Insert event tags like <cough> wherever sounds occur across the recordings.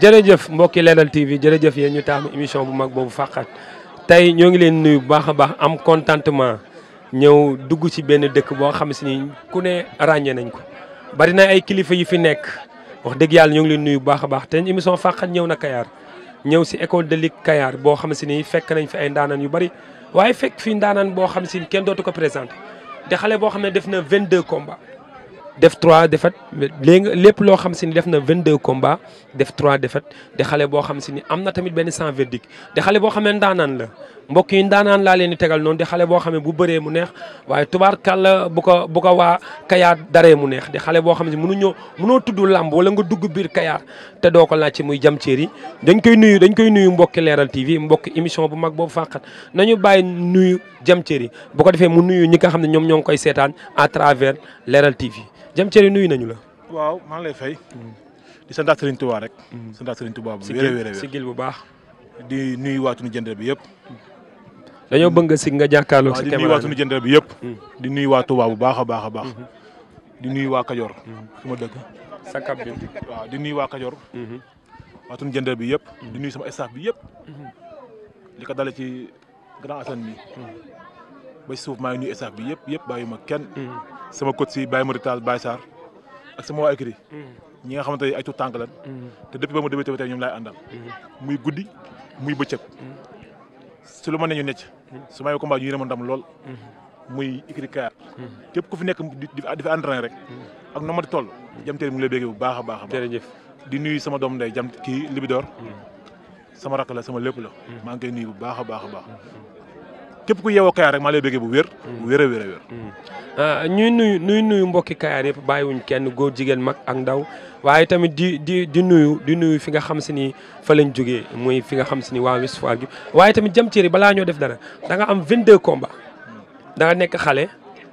jërëjëf mbokki Leral TV jërëjëf yéen ñu taamu émission bu mag boobu fàqat tey ñoo ngi leen nuyu bu baax a baax am contentement ñëw dugg ci benn dëkk boo xam si ni ku ne ràññee nañ ko bari na ay kilifa yu fi nekk wax dëgg yàlla ñoo ngi leen nuyu bu baax a baax te émission Faaxat ñëw na kayaar ñëw si école de ligue Kayar boo xam si ni fekk nañ fi ay ndaanaan yu bari waaye fekk fi ndaanaan boo xam si ni kenn dootu ko présenté te xale boo xam ne def na 22 combats def 3 défaites léegi lépp loo xam si ni def na vingt 22 combats def 3 défaites te xale boo xam si ni am na tamit benn sans verdict te xale boo xam la. mbokk yi ndaanaan laa leen di tegal noonu di xale boo xam ne bu bëree mu neex waaye tubaarkàlla bu ko bu ko waa kayaar daree mu neex di xale boo xam ne ñoo mënoo tuddu làmb wala nga dugg biir kayaar te doo ko laaj ci muy jam ceer yi dañ koy nuyu dañ koy nuyu mbokki leeral TV mbokki émission bu mag boobu fàqat nañu bàyyi nuyu jam ceer yi bu ko defee mu nuyu ñi nga xam ne ñoom ñoo ngi koy seetaan à travers leeral TV jam ceer nuyu nañu la. waaw maa ngi lay fay. di santaat Serigne Touba rek. Mm. santaat Serigne Touba bu wér a bu baax. di nuyu waatunu jëndal bi yëpp dañoo bëgg si nga jàkkaarloog si caméra di nuyu waa suñu jëndal bi yëpp. Mm-hmm. di nuyu waa Touba bu baax a mm-hmm. di nuy waa Kajoor. Mm-hmm. su ma dëkk. sa kab bi waaw di nuy waa Kajoor. waa suñu jëndal bi yëpp. di nuyu sama staff bi yëpp. li ko dalee ci grand Assane bi. ba suuf maa ngi nuyu bi yëpp yëpp bàyyi ma kenn. sama kot si Baye Marital Baye Sarr ak sama waa écrit. ñi nga xamante ne ay tuut tànk lan te depuis ba mu débuté ba tey ñoom laay àndal. muy guddi muy bëccëg. si lu ma ne ñu necc su may combat ñu yërëm ndam lool muy ikri kaar képp ku fi nekk di fi entraîné rek ak no ma toll jam teer mu ngi lay bu baax a baax jërëjëf di nuy sama doom ndey jam kii libidoor mm. sama rakk la sama lépp la mm. maa ngi koy nuyu bu baax a baax a baax képp ku yeewoo Kayar rek maa lay bëggee bu wér. Mm. wér a wér wér. Mm. Ah, ñuy nuyu nuy nuyu mbokki Kayar yëpp bàyyiwuñ kenn góor jigéen mag ak ndaw waaye tamit di di di nuyu di nuyu fi nga xam si ni fa lañ jógee mooy fi nga xam si ni waa West gi waaye tamit jëm cër yi balaa ñoo def dara danga am 22 combats komba nga nekk xale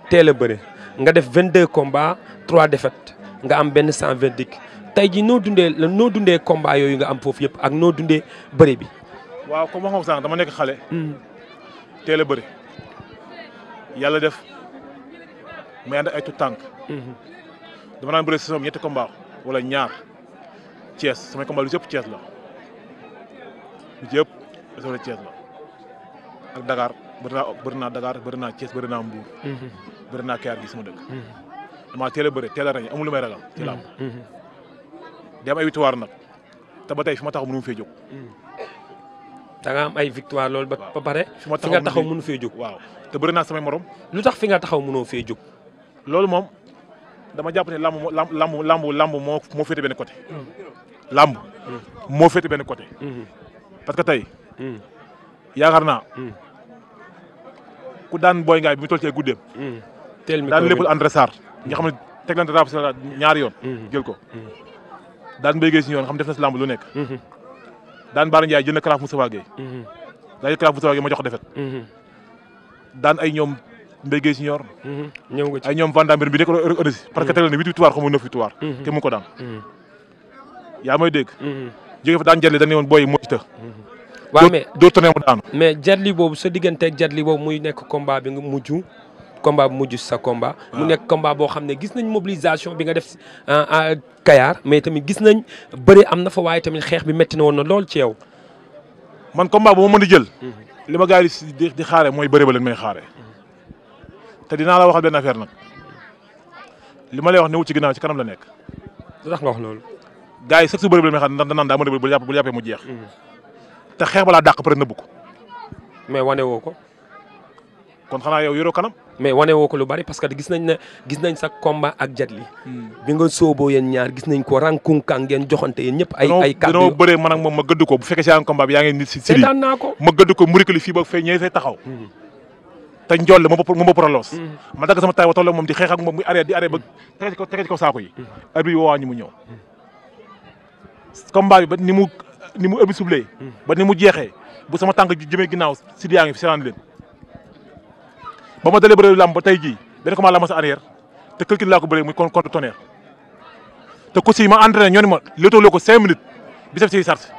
teel a bëre nga def vingt 22 combats 3 défaites nga am benn 120 tey ji noo dundee noo dundee combats yooyu nga am foofu yëpp ak noo dundee bëre bi. waaw comme wax nga dama nekk xale. Mm. teel a bëri def may ànd ay tout tànk mhm. dama daan bëri saison bi ñetti combat wala ñaar cees samay combat lu ci cees la lu ci ëpp soo Thiès la ak Dakar bëri naa bëri naa Dakar bëri naa cees bëri naa Mbour mhm. bëri naa Kayar gi sama dëkk mhm. damaa teel a bëri teel a ràññee amul lu may ragal ci làmb day am ay nag te tey fi ma taxaw mënu mu fee da nga am ay victoire loolu ba pare. fi nga taxaw mënu fee jóg waaw te bëri naa samay moroom lu tax fi nga taxaw mënoo fee jóg. loolu moom dama jàpp ne lamb lamb lamb lamb moo moo féete benn côté. lamb moo féete benn côté. parce que tey. yaakaar naa. ku daan boy ngaay bi mu toll cee guddeem. teel mi daan léppul André nga xam ne teglante raafu si ñaari yoon. Mm-hmm. jël ko daan béykat si yoon xam def na si lamb lu nekk. Mm-hmm. daan Baara Ndiaye jël na Karaaf Moussa Gueye. Mhm. ma jox mhm. daan ay ñoom Mbaye Gueye Senior. Mhm. ñëw nga ci ay ñoom Vandam bi rek Onesi. parce que tegal na huit victoire xaw ma neuf victoire. te mu ko daan. yaa may dégg. jóge fa daan Jalle dañu ne woon booy moo ci të. waaw mais doo doo boobu sa digganteeg Jadli boobu muy nekk combat bi nga mujj. combat bu mujj sa combat. mu nekk combat boo xam ne gis nañ mobilisation bi nga def ah, ah, Kayar mais tamit gis nañ bëri am na fa waaye tamit xeex bi métti na woon na lool ci yow. man combat bu ma mën a jël. Mhm. li ma gars yi di di xaare mooy bëri ba leen may xaare mhm. te dinaa la waxal benn affaire nag li ma lay wax ne wu ci ginnaaw ci kanam la nekk. ndax nga wax loolu. yi sax su ba leen may xaar ndax danaan a bëri bu yàpp bu yàppee mu jeex. Mhm. te xeex balaa dàq pare nëbbu ko. mais wane woo ko. kon xanaa yow yoroo kanam. mais wane woo lu bari parce que gis nañ ne gis nañ sa combat ak Jadli. Hmm. bi nga sooboo yéen ñaar gis nañ ko rankunkaan ngeen joxante yéen ñëpp. ay ay kàddu danoo bëree man ak moom ma gëdd ko bu fekkee si combat bi yaa ngi nit ko ma gëdd ko ba fee ñee fee taxaw. Hmm. te njolle moo ma proloos hmm. ma dagg sama taay ba tolloo ba ñu mu ñëw. combat bi ba ni mu ni mu ëbbi sublee. ba ni mu jeexee bu sama tànk jëmee ginnaaw si yaa ngi fi seetaan leen ba ma dalee bëre làmb ba tey jii dañ ko maa làmb sa arrière te calcul laa ko bëree muy contre tonnerre te ko si ma entraîné ñoo ne ma léetoo loo ko cinq minutes bi saf siy sart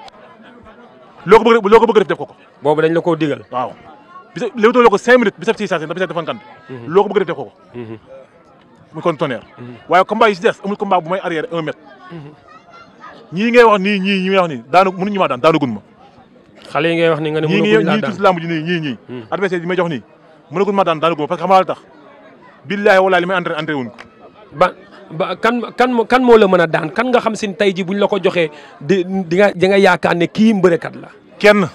loo ko loo ko bëgg def ko ko boobu dañ la koo digal waaw bis léetoo loo ko bi sa siy sart ndax bi ko bëgg def def ko ko mhm. muy contre tonnerre mhm. waaye combat yi si des amul combat bu may arrière un mètre mhm. ñii ngay wax nii ñii ñi ngay wax nii daanu mënuñu maa daan daanu gun ma xale yi ngay wax ni nga ne mënuñu laa nii ñii yi may jox nii mun mënagul ma daan daanaguma parce que xamal tax billaahi wallaahi li may entraîné entraîné wuñ ba ba kan kan kan moo la mën a daan kan nga xam si ne tey jii buñ la ko joxe di di nga di nga yaakaar ne kii mbërëkat la. kenn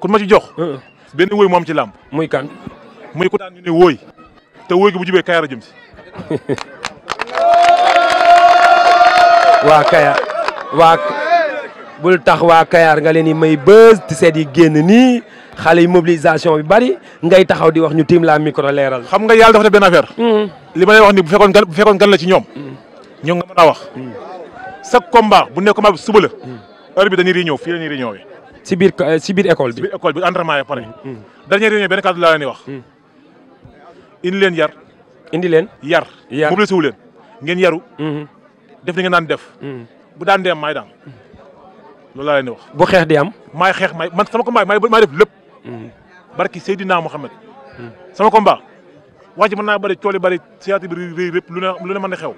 ku ma ci jox. benn wóoy moo ci làmb. muy kan. muy ku daan ñu ne wóoy. te wóoy gi bu jubee Kayar a jëm <laughs> waa Kayar bul tax waa kayaar nga leen di may bës ti seet yi génn nii xale yi mobilisation bi bari ngay taxaw di wax ñu tiim la micro leeral. xam nga yàlla dafa def benn affaire. Hmm. li ma lay wax ni bu fekkoon gan bu fekkoon gan la ci ñoom. Hmm. ñoom nga mën a wax. Hmm. sa combat bu nekk combat suba la. heure bi dañu réunion fii la ñuy réunion yi. si biir si biir école bi si biir école bi entraînement yi pare. dernière réunion benn kàddu laa leen di wax. indi leen yar. indi leen yar. yar mobilisé leen ngeen yaru. def li nga naan def. bu daan dem maay daan. loolu laa leen di wax. bu xeex di am. maay xeex maay man sama combat maay def lépp. Hmm. barki Seydina Mohamed. Hmm. sama combat wax ji mën naa bëri cool yi bëri siyaati bi rëy lépp lu ne lu ne mën na xew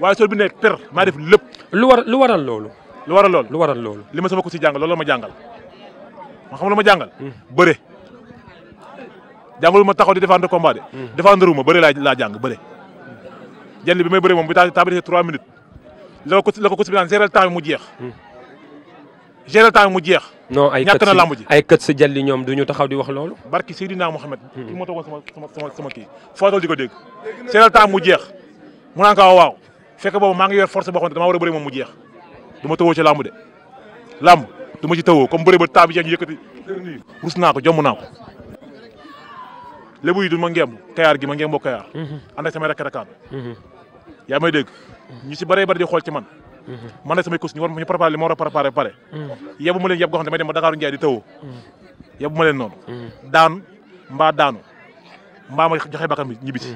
waaye sol bi nekk per maa def lépp. lu war lu waral loolu. lu waral loolu lu waral loolu. li ma sama ko si jàngal loolu la ma jàngal ma xam lu ma jàngal. Hmm. bëre jàngalu ma taxaw di défendre combat de. défendre wu ma bëre laa laa jàng bëre. jënd bi may bëre moom bi taa taa bi defee 3 minutes la ko la ko ko si bi naan gérer temps bi mu jeex. gérer temps mu jeex. non ay ñàkk na lamb ji ay kët si jalli ñoom du ñu taxaw di wax loolu. barki Seydina Mohamed. ki ma toogoon sama sama sama sama kii foo toll di ko dégg. gérer temps mu jeex mu naan ko waaw fekk boobu maa ngi yor force boo xam ne war a bëri moom mu jeex du ma tawoo ci lamb de lamb du ma ci tawoo comme bëri ba temps bi jeex yëkkati. rus naa ko jomm naa ko lébu yi du ma ngeem kayaar gi ma ngeem boo kayaar. Hmm. ànd ak samay rakk rakkaan. Hmm. yaa may dégg ñu si bëree bëri man nag samay course ñu war ñu préparé li ma war a préparé pare yebu ma leen yeb goo xam ne damay dem ba Dakar di tawoo yebu ma leen noonu daan mbaa daanu mbaa ma joxe bakkan bi ñibbisi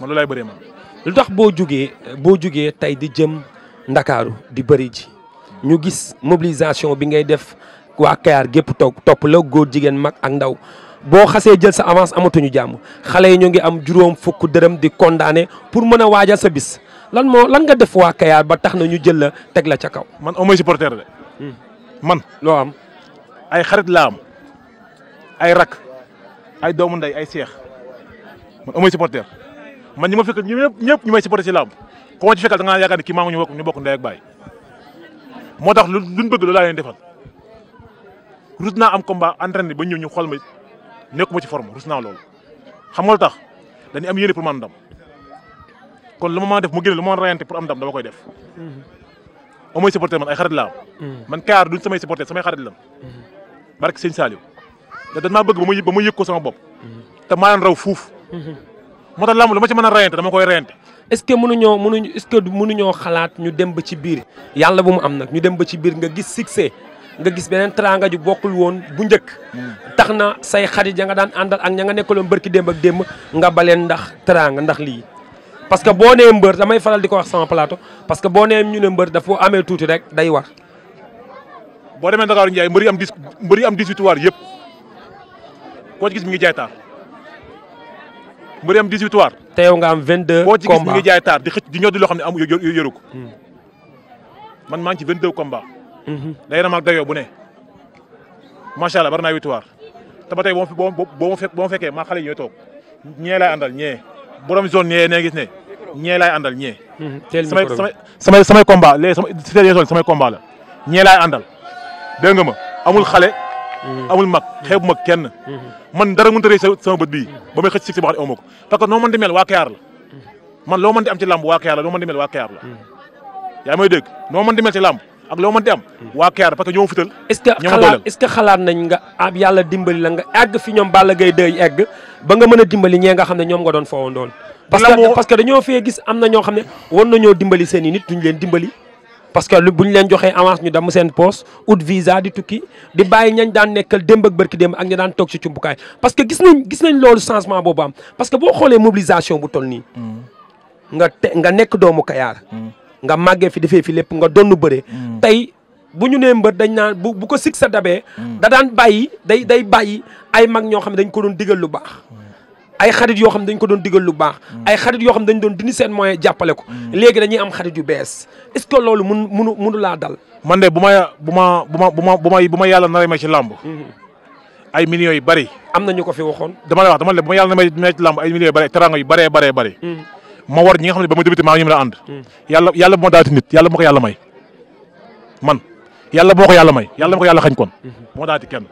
man loolu laay bëree man lu tax boo jugee boo jugee tey di jëm ndakaaru di bëri ji ñu gis mobilisation bi ngay def waa Kayar gépp toog topp la góor jigéen mag ak ndaw boo xasee jël sa avance amatuñu jàmm xale yi ñu ngi am juróom fukk dërëm di condamné pour mën a waajal sa bis lan moo lan nga def waa Kayar ba tax na ñu jël la teg la ca kaw. man au moins supporter de. Hmm. man loo am. ay xarit laa ay rak ay doomu ndey ay seex man au moins man ñi ma fekk ñëpp ñëpp ñu may supporter ci làmb koo ci fekkal da ngaa yaakaar ni kii maa ngi ñu bokk ndey ak baay moo tax lu luñ bëgg loolu laa leen defal rus naa am combat entraîné ba ñëw ñu xool ma nekkuma ci forme rus naa loolu xam nga tax dañuy am yéene pour man ndam. kon lu ma mën a def mu génne lu ma mën a pour am ndam dama koy def. moom mooy supporter man ay xarit laa am. Mm-hmm. man kaar duñ samay supporter samay xarit la am. Mm-hmm. barke sëñ Saliou te dañ bëgg ba muy ba muy yëg ko bopp. Mm-hmm. te maa raw fuuf. moo tax lamb lu ma ci mën a rayante dama koy rayante. est-ce que mënuñoo mënuñ est-ce que mënuñoo xalaat ñu dem ba ci biir yàlla bu mu am nag ñu dem ba ci biir nga gis succès nga gis beneen teraanga ju bokkul woon bu njëkk. Mm. tax na say xarit ya nga daan àndal ak ña nga nekkaloon bërki dem ak démb nga baleen ndax teraanga ndax lii. parce que boo nee mbër damay faral di ko wax sama parce que boo nee ñu ne mbër dafa amee tuuti rek day war. boo demee Dakar Ndiaye mbër am 10 mbër yi am 18 waar yëpp koo ci gis mi ngi jaay taar mbër am 18 waar. te yow nga am 22. combats koo ci gis mi ngi loo xam ne amu yëru ko. Hmm. man maa ci 22 combats. Hmm. day ramaag dayoo bu ne macha allah bari naa 8 waar te ba boo ma fekkee maa xale yi ñooy toog ñee laay àndal ñee. borom zone ñee nee gis ne ñee laay àndal ñee. Hmm, teel samay samay samay combat léegi sama si teel samay combat la ñee laay àndal dégg ma amul xale. Hmm. amul mag hmm. xeeb mag kenn. man dara mënut a rëy sama bët bii ba may xëcc si si ba xam ne parce que noo mën di mel waa Kayar la man loo mën di am ci làmb waa Kayar la di mel waa Kayar la. yaa parce que ñoo fital. ñoo xalaat nañ nga ab yàlla dimbali la nga àgg fi ñoom Balla Gaye day egg ba nga mën a dimbali ñee nga xam ne ñoom nga doon foowoon doon parce que parce que dañoo fee gis am na ñoo xam ne war nañoo dimbali seen i nit duñ leen dimbali parce que buñ leen joxee avance ñu dem seen poste ut visa di tukki di bàyyi ñañ daan nekkal démb ak bërki dem ak ñi daan toog ci cumbukaay parce que gis nañ gis nañ loolu changement boobu am parce que boo xoolee mobilisation bu toll nii mm. nga te nga nekk doomu Kayaar mm. nga màggee fi defee fi lépp nga doon bëree mm. tey bu ñu nee mbër dañ naan bu bu ko sig sa dabee hmm. da daan bàyyi day day bàyyi ay mag ñoo xam ne dañ ko doon digal lu baax hmm. ay xarit yoo xam ne dañ ko doon digal lu baax hmm. ay xarit yoo xam ne dañ doon dini seen moyen jàppale ko léegi dañuy am xarit yu bees est loolu mun munu munu laa dal man de bu ma bu ma bu ma bu ma bu ma bu ma yàlla naree ma ci làmb ay millions yi bëri am na ñu ko fi waxoon dama lay wax dama lay bu ma yàlla naree ma ay millions yu bëri teranga yu bëree bëree bëri ma war xam ne ba ma débuté maa ñu mën a ànd yàlla yàlla bu ma daati nit yàlla ma yàlla may man yàlla boo ko yàlla may yàlla ma ko yàlla xañ kon mhm. moo daati kenn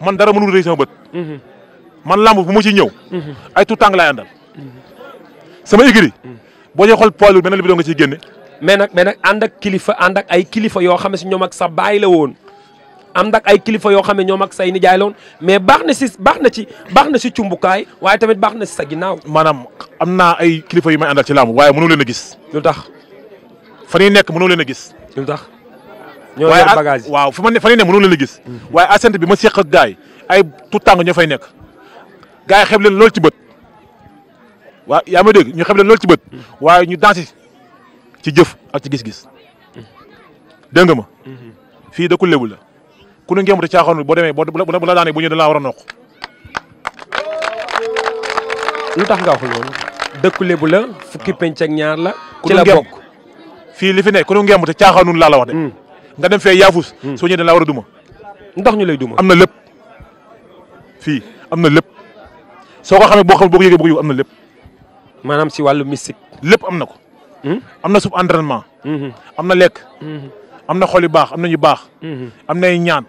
man dara mënul rëy sama bët mhm. man lamb mu ma ciy ñëw mhm. ay tout tàng laay àndal sama igri boo dee xool poids lourd beneen bi doo nga ciy génne mais nag mais ànd kilifa ànd ak ay kilifa yoo xam ne si ñoom ak sa baay la woon ànd ak ay kilifa yoo xam ne ñoom ak say nijaay la mais baax na si baax na ci baax na si cumbukaay waaye tamit baax na si sa ginnaaw maanaam am naa ay kilifa yu may àndal ci lamb waaye mënoo leen a gis lu tax fan ñuy nekk mënoo leen a gis ñoo yor waaw fi ma ne fa ne mënoon la gis. Mm. waaye assente bi ma seq ak gars yi ay tuutàng fay nekk. gars yi leen lool ci bët. waaw yaa ma dégg ñu xeeb leen lool ci bët. Mm. waaye ñu dansi ci jëf ak ci gis-gis. Mm. dégg nga ma. Mm-hmm. fii dëkku lébu la. ku ne ngeen mën a boo demee bu la daanee bu ñëwee da laa war a noq. lu tax nga wax dëkku lébu la fukki ah. penc ak ñaar la. ci la bokk fii li fi ne ku ne ngeen a laa la wax de. nga dem fee yaafus. soo ñëwee dañ laa war a duma. ndox ñu lay duma am na lépp. fii am na lépp soo ko xamee boo xam boo ko yëgee boo ko yëg am na lépp. maanaam si wàllu mystique. lépp am na ko. na suuf entraînement. am na lekk. am na xol yu baax am na ñu baax. am nay ñaan.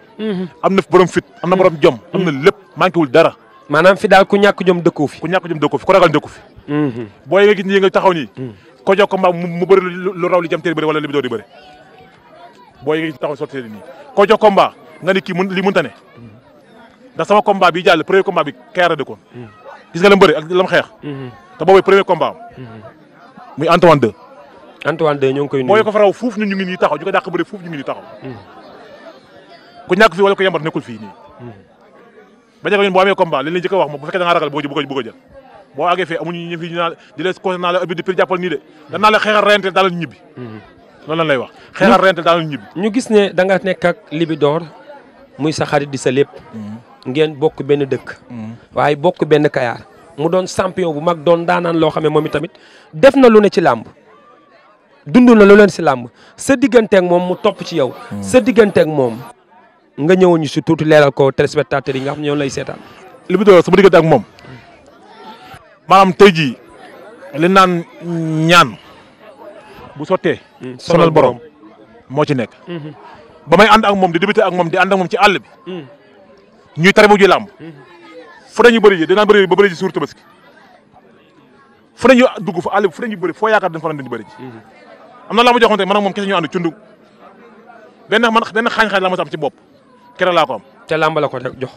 am na borom am na borom jom. am na lépp manqué dara. maanaam fi daal ku ñàkk jom dëkkoo ku ñàkk jom dëkkoo fi ragal dëkku boo yeggee taxaw nii. ko jox ko mbaam mu bëri lu raw li jam teel bëri wala li mu di bëri. booy ngi taxaw sotti leen nii koo jox combat nga ni kii mën li mënta ne ndax sama combat bi jàll premier combat bi Kayra dëkkoon gis nga la mbëri ak lam xeex mhm. te boobu premier combat mhm. muy Antoine 2 Antoine 2 ñoo koy nuyu booy ko fa raw fuuf ñu ñu ngi nii taxaw ñu ko dàq bëri fuuf ñu ngi nii taxaw mhm. ku ñàkk fii wala ko yembat nekkul fii nii baña ko ñun boo amee combat leen jëkk a wax moom bu fekkee da ngaa ragal boo bëgg a jël boo àggee fee amuñu ñu fi ñu naan di leen conseillé naa la ëbbi di pir jàppal nii de danaa la loolu lan lay wax xeexal rente daal ñibbi. ñu gis ne danga nga nekk ak Libidor muy sa xarit di sa lépp. Mm-hmm. ngeen bokk benn dëkk. Mm-hmm. waaye bokk benn kayaar. mu doon champion bu mag doon daanaan loo xam ne moom itamit def na lu ne ci làmb dundu na lu leen si làmb sa digganteeg moom mu topp ci yow. Mm-hmm. sa digganteeg moom nga ñëwoon ñu si tuuti leeral ko téléspectateurs yi nga xam ne lay seetaan. Libidor sama diggante ak moom maanaam tey jii li naan ñaan. bu sottee. Hmm, sonal borom moo ci nekk. Hmm, hmm. ba may ànd ak moom di débuté ak moom di ànd ak moom ci àll bi. ñuy tarabu ji làmb. fu dañu bëri ji dinaa bëri ba bëri ji suur tabaski fu dañu dugg fu àll bi fu dañu bëri foo yaakaar dañ fo dañu bëri ji. am na làmb joo xamante ne man ak moom kese ñu ànd cundu benn man benn xaañ-xaañ la ma am ci bopp ke laa ko am. te làmb la ko jox.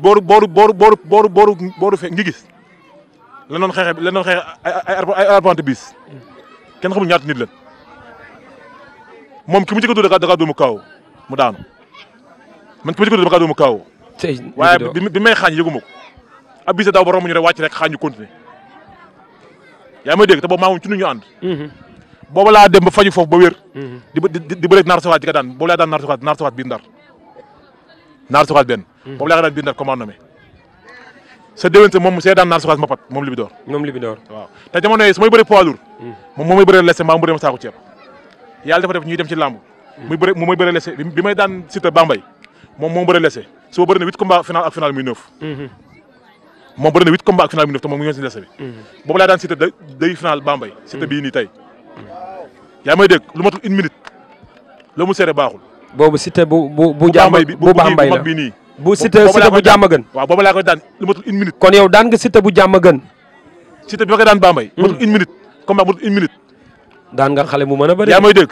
booru booru booru booru booru booru booru fe ngi gis la doon xeexe la doon xeexe ay ay arpente bis. kenn xamul ñaata nit la moom ki mu njëkk a dóor da kaa dóomu mu daanu man ki mu njëkk da kaa dóomu kaaw. tey waaye bi may xaañ yëgu ma ko abise daw ba romb ñu rek wàcc rek xaañ ñu continuer yaa may dégg te boobu maa ngi ci ñu ànd. Mm-hmm. boobu laa dem ba faju foofu ba wér. Mm-hmm. di ba di di bëreeg naar sawaat di daan boobu laa daan naar sawaat naar sawaat naar sawaat benn. Mm-hmm. boobu laa ko daan biir ndar commandement. sa déwénte moom see daan naan suxaas mbapat moom Libidor moom Libidor waaw te jamono yooyu su may bëree poids lourd hmm. moom moom may bëree lesse mbaa mu bëree ma saako ceeb yàlla dafa def ñuy dem ci làmb hmm. muy may bëree lesse bi may daan Siteu Bambey moom moom bëree lesse su ma bëree na huit combat final ak final muy neuf hmm. moom bëri na huit combat ak final muy neuf te moom mu ngi si lesse boobu laa daan Siteu da day final Bambey Siteu bii nii tey yaa may dégg lu matul une minute bu bu bu bi bu Bambey la nii bu Siteu Siteu bu jàmm waaw boobu laa koy daan lu matul une minute. kon yow daan nga Siteu bu jàmm gën. Siteu bi ma koy daan Bambey. Hmm. matul une minute combat matul une minute. daan nga xale mu mën a bëri. yaa may dégg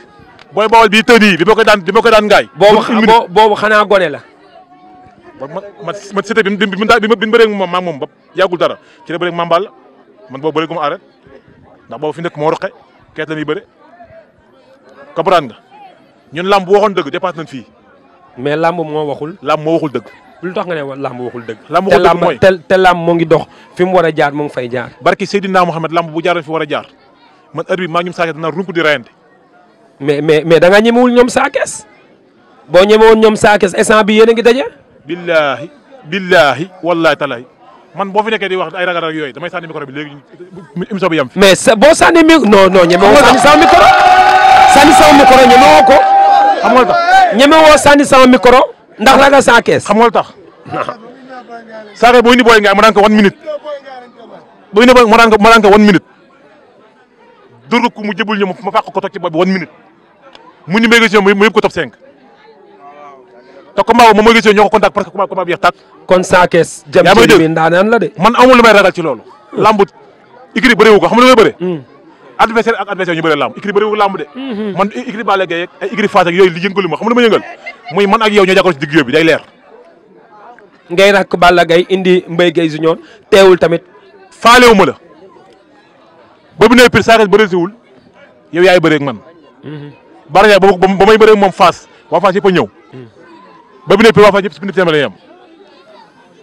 booy bawal bii tënk yi bi ma daan bi ma koy daan ngaay. matul boobu xanaa gone la. ba ma ma Siteu bi bi bi ma bëree moom maa moom dara ci la bëree Mame Balla man boobu bëree gu ma ndax boobu fi nekk moo roqe keet la muy bëre comprendre nga ñun làmb waxoon dëgg dépassé fii mais lamb moo waxul. làmb moo waxul dëgg. lu tax nga ne làmb waxul dëgg. làmb waxul dëgg mooy te làmb moo ngi dox fi mu a jaar moo ngi fay jaar. barki Seydina Mohamed làmb bu jaaroon fi war a jaar man heure bi maa mais mais mais da nga ñemewul ñoom saakees boo ñemewoon ñoom saakees instant bi yéen a ngi daje. billaahi billaahi wallaahi talaahi man boo fi nekkee di wax ay ragal yooyu damay sànni micro bi léegi émission bi yam sa boo sànni mi ko ñeme woo sànni sama micro ndax la nga sans caisse. xam nga lu tax saare boo indi booy ngaay mu daan ko one minute boo indi booy mu daan ko one minute dóor ku mu jëbul ñoom ma fàq ko toog ci booy bi one minute mu ñu mbéy si ñoom mu yëpp ko top 5 te combat moom mooy gis ñoo ko contact parce que combat bi yeex tàkk. kon sans caisse. jëm ci bi ndaanaan la de. man amul lu may ragal ci loolu. lamb ikri bëriwu ko xam lu may bëri. Hmm. adversaire ak adversaire ñu bëri làmb ikri bëriwu làmb de mhm. man ikri Balla Gaye ay ikri yooyu li yëngalu xam nga ma yëngal muy man ak yow ñoo jàkkaarloo ci digg yóbbu bi day leer ngay rakk Balla Gaye indi Mbaye Gaye Junior teewul tamit faalewu ma la boobu ne pir saakas bëri siwul yow yaay bëri ak man mhm. baraja ba may bëri ak moom Fass waa Fass yëpp a ñëw mhm. boobu pir waa Fass yëpp si bindi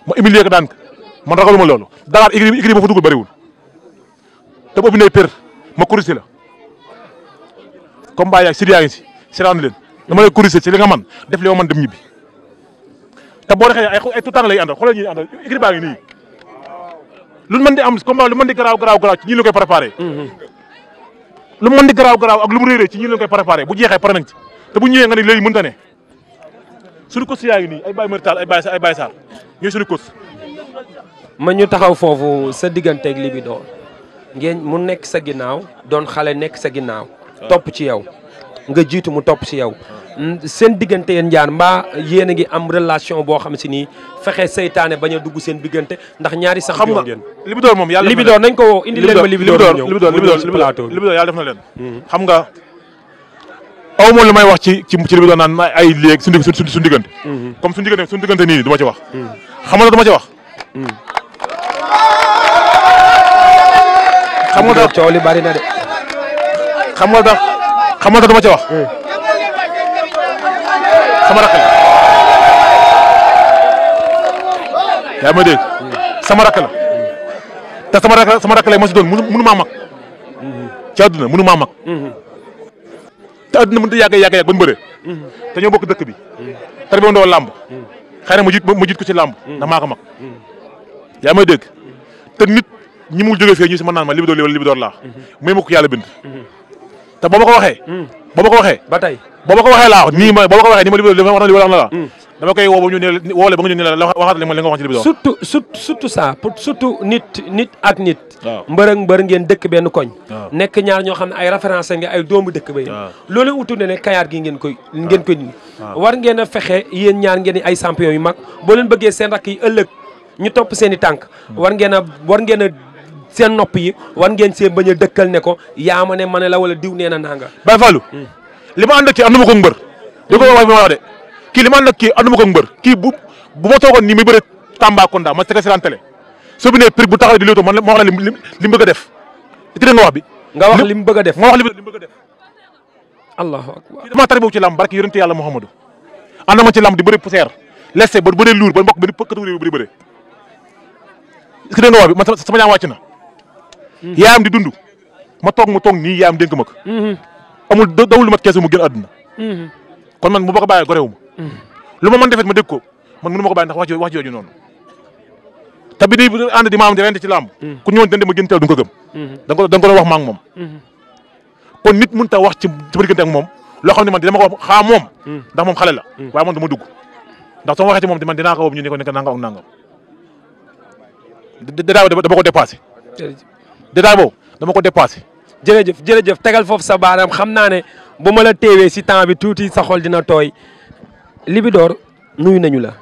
ma humilier ko daan man ragaluma loolu Dakar ikri ikri ba fa dugul te boobu ma corrigé la combat yaag sidi yaa ngi si seetaan leen dama lay corrigé li nga man def li ma mën dem ñibbi te boo dexee ay ay tutaan lay àndal xoolal ñuy àndal écrit baa ngi nii lu mën di am combat lu mën di garaaw garaaw garaaw ci ñi la koy préparé lu mën di garaaw garaaw ak lu mu réeree ci ñi la koy préparé bu jeexee pare nañ ci te bu ñëwee nga ne léegi mënta ne suñu coach yaa ngi nii ay Baye Marital ay Baye ay Baye Sarr ñooy suñu coach ma ñu taxaw foofu sa digganteeg doo ngeen mu nekk sa ginnaaw doon xale nekk sa ginnaaw topp ci yow nga jiitu mu topp ci yow mm, seen diggante yéen ñaar mbaa yéen a ngi am relation boo xam si nii fexe seytaane bañ a dugg seen diggante ndax ñaari sax xam nga libidoor moom yàlla libidoor nañ ko woo indi leen ma libidoor libidoor libidoor yàlla def mm-hmm. xam nga aw moom lu may wax ci ci ci libidoor naan ay léegi suñu suñu diggante mm-hmm. comme suñu diggante suñu diggante nii du ci wax mm-hmm. xam nga dama ci wax xam nga tax coow li bari na nga tax xam nga tax ci wax. Hmm. sama rakk la. yaa hmm. la. Hmm. te sama sama rakk lay ma si doon mënu mënu maa mag. ci àdduna mënu maa mag. te àdduna mënut a yàgg yàgg yàgg ba mu bëre. ñoo bokk dëkk bi. tar bi ma doon na ma jiit ma jiit ko ci làmb. ndax yaa may dégg te nit. ñi mu jógee fii ñu si mën naan ma Libidor lii laa muy ma ko yàlla bind te boo ma ko waxee hmm. boo ma ko waxee ba tey boo ma ko waxee laa nii ma boo ma ko waxee nii ma Libidor am na laa hmm. dama koy woo surtout surtout surtout surtout nit nit ak nit mbër ak mbër ngeen dëkk benn koñ nekk ñaar ñoo xam ne ay référence nga ay doom dëkk ba yéen loolu utul ne ne kayaar gi ngeen koy ngeen koy dindi war ngeen a fexe yéen ñaar ngeen ay champion yu mag boo leen bëggee seen rakk yi ëllëg ñu topp seen i tànk hmm. war ngeen a war ngeen seen nopp yi wan ngeen seen bañ a dëkkal ne ko yaa ma ne ma ne la wala diw nee na naa nga. Baye Fallou hmm. li ma ànd ak kii ànduma ko mbër. di ko wax de kii li ma ànd ak kii ànduma ko mbër kii bu bu ma toogoon nii muy bëre Tambacounda ma tege si lan télé soo bi ne bu taxaw di léegi ma wax la li li mu bëgg def. tëddee nga wax bi. nga wax li mu bëgg a def ma wax li mu bëgg a def. allahu akbar kii damaa tari boobu ci làmb barki yonente yàlla Muhammadu ànd ma ci làmb di bëri poussière leste ba bëree luur ba mbokk benn pëkkatu wu bëri bëri est bi man sama ñaam wàcc na yaayam di dund ma toog mu toog nii yaayam dénk ma ko. Mhm. amul dawul lu mat kees mu gën àdduna. Mhm. kon man bu ma ko bàyyee gorewu ma. Mhm. lu ma man defet ma dégg ko man mënu ma ko bàyyi ndax wax jooju wax jooju noonu. te bi di ànd di maam di rente ci làmb. ku ñëwoon dinañ ma gën teel du nga ko gëm. da nga ko da nga wax ma ak kon nit mënut a wax ci sama diggante moom loo xam ne man dama ko wax xaa moom. ndax moom xale la. waaye man du ma dugg ndax soo waxee ci moom man dinaa ko woo ñu ne ko nekk nangam ak nangam. da dama ko dépassé. détail boobu dama ko dépassé. jërëjëf jërëjëf tegal foofu sa baaraam xam naa ne bu ma la teewee si temps bi tuuti sa xol dina tooy libidoor nuyu nañu la.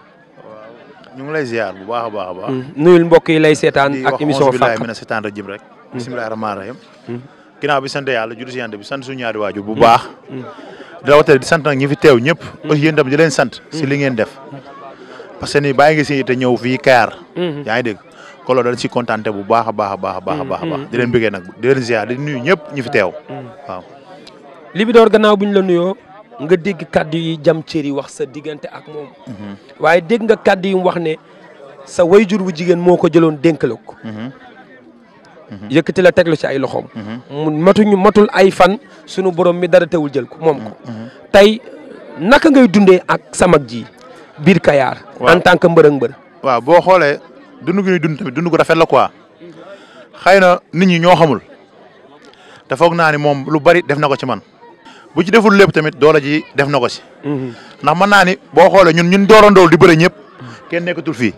ñu ngi lay ziar bu baax a baax a baax. Hmm, nuyul mbokk yi lay seetaan ak émission Fakk di wax seetaan rek jëm hmm. rek. bisimilah rahmaani rahim. Hmm. ginnaaw bi sant yàlla jur si yàlla bi sant suñu ñaari waajur bu baax. di rawatina di sant nag ñi fi teew ñëpp. aussi yéen di leen sant. si li ngeen def. parce que baa bàyyi nga si te ñëw fii Kayar. yaa ngi kolo dañ ci kontante bu baax a baax a baax a baax a baax mm, mm, di leen bëggee nag di leen ziar di mm, gannaaw bu ñu la nuyoo nga dégg kaddu jam wax sa diggante ak mm-hmm. waaye dégg nga kaddu yi wax ne sa wayjur bu jigéen moo ko jëloon dénk ko mm-hmm. Mm-hmm. yëkkati la teglu ci ay loxoom matuñu matul ay fan sunu borom mi dara teewul jël ko moom tey naka ngay dundee ak sa ji biir Kayaar en tant boo xoolee dund gi ñuy dund tamit dund rafet la quoi xëy na nit ñi ñoo xamul te foog naa ni moom lu bari def na ko ci man bu ci deful lépp tamit doole ji def na ko si. Mhm. ndax mën naa ni boo xoolee ñun ñun doorandool di bëre ñëpp kenn nekkatul fi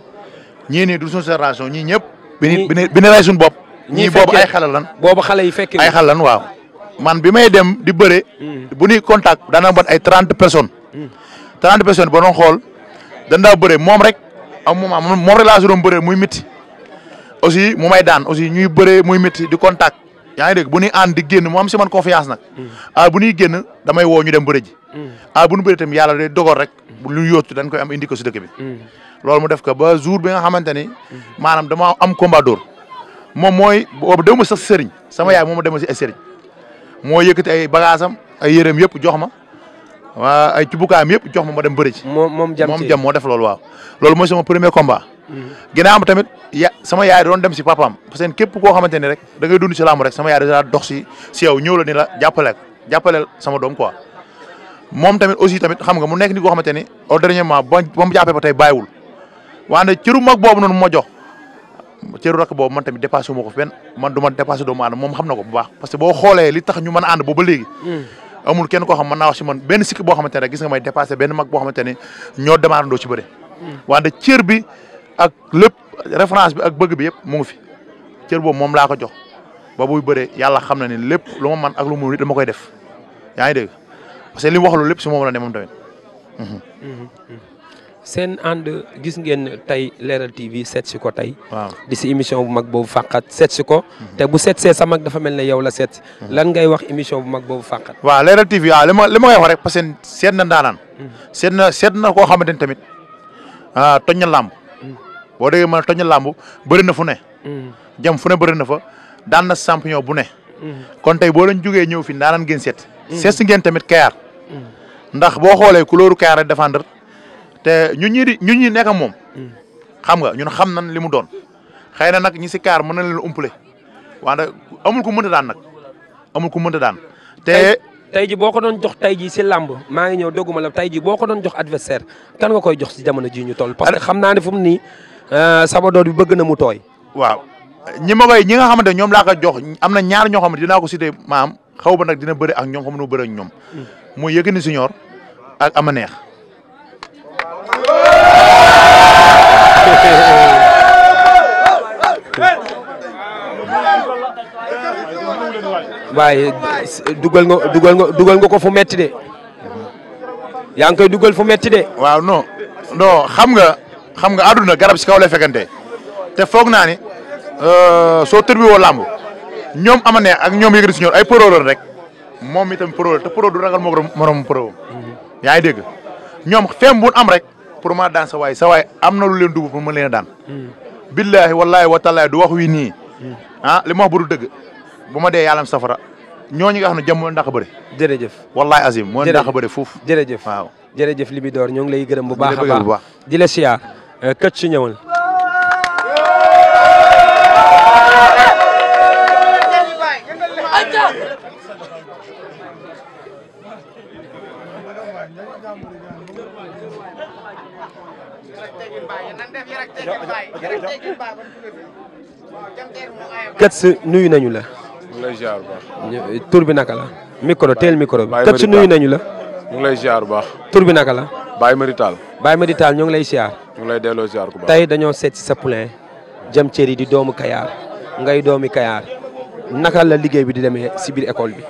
ñii nii du suñu ñii ñëpp. ñii bi bi ne bopp. ñii boobu ay xale lan boobu xale yi fekk ay xale lan waaw. man bi may dem di bëre. Mhm. bu ñuy contact daanaka mot ay trente personnes. Mhm. trente personnes ba doon xool dandaa daa moom rek. am moment moom rek laa si doon bëree muy métti aussi mu may daan aussi ñuy bëree muy métti di contact yaa ngi dégg bu ñuy ànd di génn mu am si man confiance nag ah bu ñuy génn damay woo ñu dem bëri ji ah bu ñu bëri tam yàlla day dogal rek lu ñu yóotu dañ koy am indi ko si dëkk bi loolu mu def ko ba jour bi nga xamante ni maanaam dama am combat moom mooy boobu dem ma sax sëriñ sama yaay moom ma dem si ay sëriñ moo yëkkati ay bagaasam ay yéreem yëpp jox ma waa ay cubukaayam yëpp jox ma ma dem bëri ci. moom moom jam moom jam moo def loolu waaw. loolu mooy sama premier combat. Mm-hmm. ginnaaw tamit sama yaay doon dem si papaam parce que képp koo xamante ni rek da ngay dund si làmb rek sama yaay da dox si si yow ñëw sama doom quoi. moom tamit tamit xam nga mu nekk nit koo xamante ni au dernièrement ba ba mu jàppee ba tey bàyyiwul waane cëru mag boobu ma jox cëru rakk boobu man tamit man du ma moom xam na ko bu baax parce que boo xoolee li tax ñu mën a ànd boobu léegi mm. amul kenn ko xam mën naa wax si benn sikki boo xamante ne rek gis nga may dépassé benn mag boo xamante ne ñoo demaarandoo ci bëre. wante cër bi ak lépp référence bi ak bëgg bi yëpp mu ngi fi cër boobu moom laa ko jox ba buy bëree yàlla xam na ne lépp lu man ak lu mu nit dama koy def yaa ngi dégg parce que li wax loolu lépp si moom la ne moom tamit. Mm-hmm. Mm-hmm. seen ànd gis ngeen tey Leral TV seet si ko tey. waaw di si émission bu mag boobu fàqat seet si ko. te bu seet see sa mag dafa mel ne yow la seet. lan ngay wax émission bu mag boobu fàqat. waaw Leral TV waaw li ma li ma wax rek parce seet na ndaanaan. seet na seet na koo xamante ni tamit ah toj na làmb. boo déggee man toj na làmb bëri na fu ne. jam fu ne bëri na fa daan na champion bu ne. kon tey boo leen jugee ñëw fi ndaanaan ngeen seet. seet si ngeen tamit Kayar. ndax boo xoolee couleur Kayar défendre. te ñun ñii di ñun ñii nekk moom. Mm. xam nga ñun xam nan li mu doon. xëy na nag ñi si kaar mën na leen umpale waaye amul ku mënta daan nag amul ku mënta daan. te tey ji boo ko doon jox tey ji si làmb maa ngi ñëw dogguma la tey ji boo ko doon jox adversaire kan nga koy jox si jamono ji ñu toll. parce que xam naa ne fu mu nii euh, sama doon bi bëgg na mu tooy. waaw ñi ma koy ñi nga xamante ñoom laa ko jox am na ñaar ñoo xam ne dinaa ko cité maam xaw ba nag dina bëri ak ñoom xam nu bëri ak ñoom. Mm. muy Yékini Senior ak Ama Neex. waaye dugal nga dugal nga dugal nga ko fu metti de yaa ngi koy dugal fu metti de. waaw non xam nga xam nga àdduna garab si kaw lay fekkante te foog naa ni euh, soo tërbiwoo làmb ñoom ama ne ak ñoom yëgëri si ay pororon rek moom itam poro te poro du ragal moo ko moroom poro yaa ngi dégg ñoom feem bu am rek. pour ma daan sa waay sa am na lu leen dugg pour ma leen daan. billaahi wallaahi wa taalaahi du wax wi nii. ah li ma wax bu dul dëgg bu ma dee yàlla am safara ñooñu nga xam ne jàmm moo ndax a bëri. jërëjëf wallaahi azim moo ndax a bëri foofu. jërëjëf waaw jërëjëf Libidor ñoo ngi lay gërëm bu baax a baax di la siyaar euh, si ñëwal Kets nuyu nañu la. mu lay bi naka la. micro teel micro bi. Kets nuyu nañu la. mu lay ziar bu baax. tur bi naka la. Baye Madi baay Baye ñoo ngi lay ziar. ñu ngi lay delloo ziar bu baax. tey dañoo seet si sa poulain. Diam Terry di doomu Kayar. ngay doomi Kayar. naka la liggéey bi di demee si biir école bi.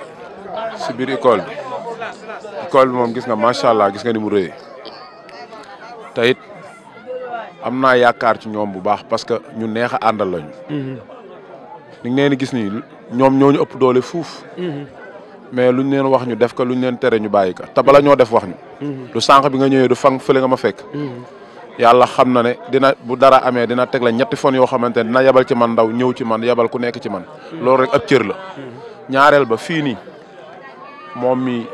si biir école bi. école bi moom gis nga macha allah gis nga ni mu rëy te am naa yaakaar ci ñoom bu baax parce que ñu neex a àndal lañu. ni mm-hmm. ngeen gis nii ñoom ñoo ñu ëpp doole fuuf. Mm-hmm. mais luñ leen wax ñu def ko luñ leen tere ñu bàyyi ko te bala ñoo def wax ñu. Mm-hmm. du sànq bi nga ñëwee du fang fële nga ma fekk. yàlla xam na ne dina bu dara amee dina teg la ñetti fan yoo xamante ne dina yabal ci man ndaw ñëw ci man yabal ku nekk ci man. loolu rek ab cër la. ñaareel ba fii nii moom mi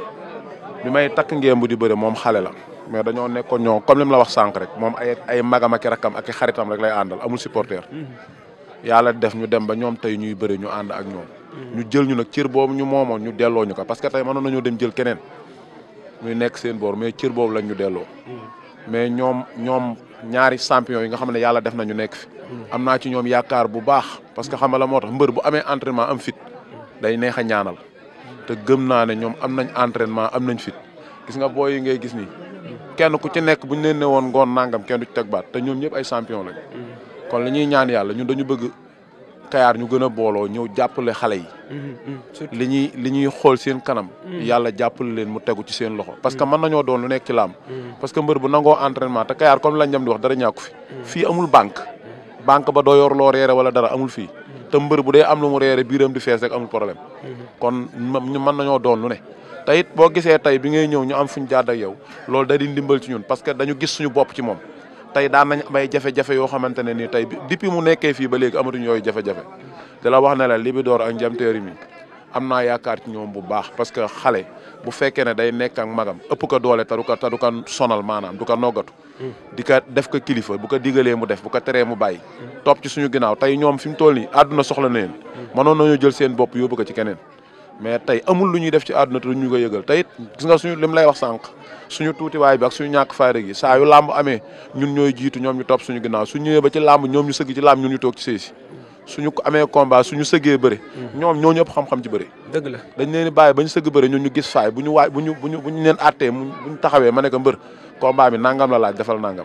bi may takk bu di bëre moom xale la. mais dañoo nekkoon ñoo comme lim la wax sànq rek moom ay ay magam ak i rakkam ak xaritam rek lay àndal amul supporter mm-hmm. yàlla def ñu dem ba ñoom tey ñuy bëri ñu ànd ak ñoom mm-hmm. ñu jël ñu nag cër boobu ñu moomoon ñu delloo ñu ko parce que tey mënoon dem jël keneen muy nekk seen boor mais cër boobu lañ ñu delloo mm-hmm. mais ñoom ñoom ñaari champion yi nga xam ne yàlla def nañu nekk am naa ci ñoom yaakaar bu baax que xam nga la moo tax mbër bu amee am fit day neex a ñaanal te gëm naa ne ñoom am nañ entraînement am nañ fit gis nga booy yi ngay gis nii kenn ku ci nekk bu ñu leen ne woon ngoon nangam kenn du ci teg baat te ñoom ñëpp ay champion lañ. kon li ñaan yàlla ñun dañu bëgg Kayar ñu gën a booloo ñëw jàppale xale yi. Mm-hmm, mm-hmm. li ñuy li ñuy xool seen kanam. Mm-hmm. yàlla jàppale leen mu tegu ci seen loxo. parce que mën nañoo doon lu nekk ci làmb. parce que mbër bu nangoo entraînement te Kayar comme lañ dem di wax dara ñàkku fi. fii amul banque. banque ba doo yor loo reere wala dara amul fii. te mbër bu dee am lu mu reere biiram di fees rek amul problème. kon ñu mën nañoo doon lu ne. te it boo gisee tey bi ngay ñëw ñu am fu ñu jaar ak yow loolu da di ndimbal ci ñun parce que dañu gis suñu bopp ci moom tey daan nañ am ay jafe-jafe yoo xamante ne nii tey depuis mu nekkee fii ba léegi amatuñ yooyu jafe-jafe di la wax ne la Libidor ak njamteeri mi am naa yaakaar ci ñoom bu baax parce que xale bu fekkee ne day nekk ak magam ëpp ko doole taru ko taru ko sonal maanaam du ko noggatu hmm. di ko def ko kilifa bu ko digalee mu def bu ko teree mu bàyyi topp ci suñu ginnaaw tey ñoom fi mu toll nii àdduna soxla na leen hmm. mënoon nañu jël seen bopp yóbbu ko ci keneen mais tey amul lu ñuy def ci àdduna te lu ñu ko yëgal tey gis nga suñu lim lay wax sànq suñu tuutiwaay bi ak suñu ñàkk fayda gi saa yu làmb amee ñun ñooy jiitu ñoom ñu topp suñu ginnaaw suñu ñëwee ba ci làmb ñoom ñu sëgg ci làmb ñun ñu toog ci séesi suñu amee combat suñu sëggee mhm. ñoom ñoo ñëpp xam-xam ci bëri dëgg la dañ leen di ba bañ sëgg bëri ñun ñu gis faay bu ñu waay bu ñu bu ñu bu leen attee buñ taxawee ma ne ko mbër combat bi nangam la laaj defal nangam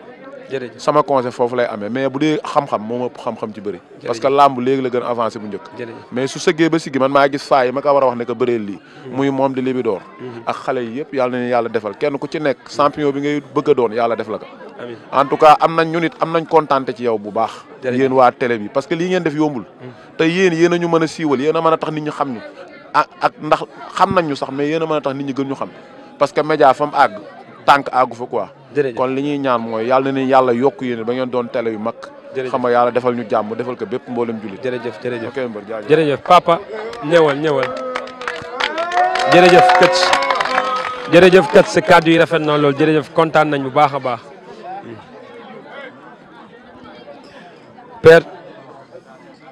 jërëjëf sama conseil foofu lay amee mais bu dee xam-xam moom xam-xam ci bëri parce que làmb léegi la gën avancé bu njëkk mais su sëggee ba siggi man maa ma ko war wax ne que bëreel lii mm-hmm. muy moom di libi door mm-hmm. ak xale yi yëpp yàlla na yàlla defal kenn ku ci nekk champion bi ngay bëgg a doon yàlla def la ko en tout cas am nañ ñu nit ci yow bu baax yéen waa télé bi parce que lii ngeen def yombul mm-hmm. te yéen yéen a ñu mën a siiwal yéen a mën a tax nit ñi tànk àggu fa quoi. kon li ñuy ñaam mooy yàlla na ni yàlla yokk yéen ba ngeen doon télé yu mag. xam nga yàlla defal ñu jàmm defal ko bépp mboolem jullit. jërëjëf jërëjëf ok mbër jaajëf jërëjëf papa ñëwal ñëwal. jërëjëf kët jërëjëf kët sa kàddu yi rafet na lool jërëjëf kontaan nañ bu baax a baax. père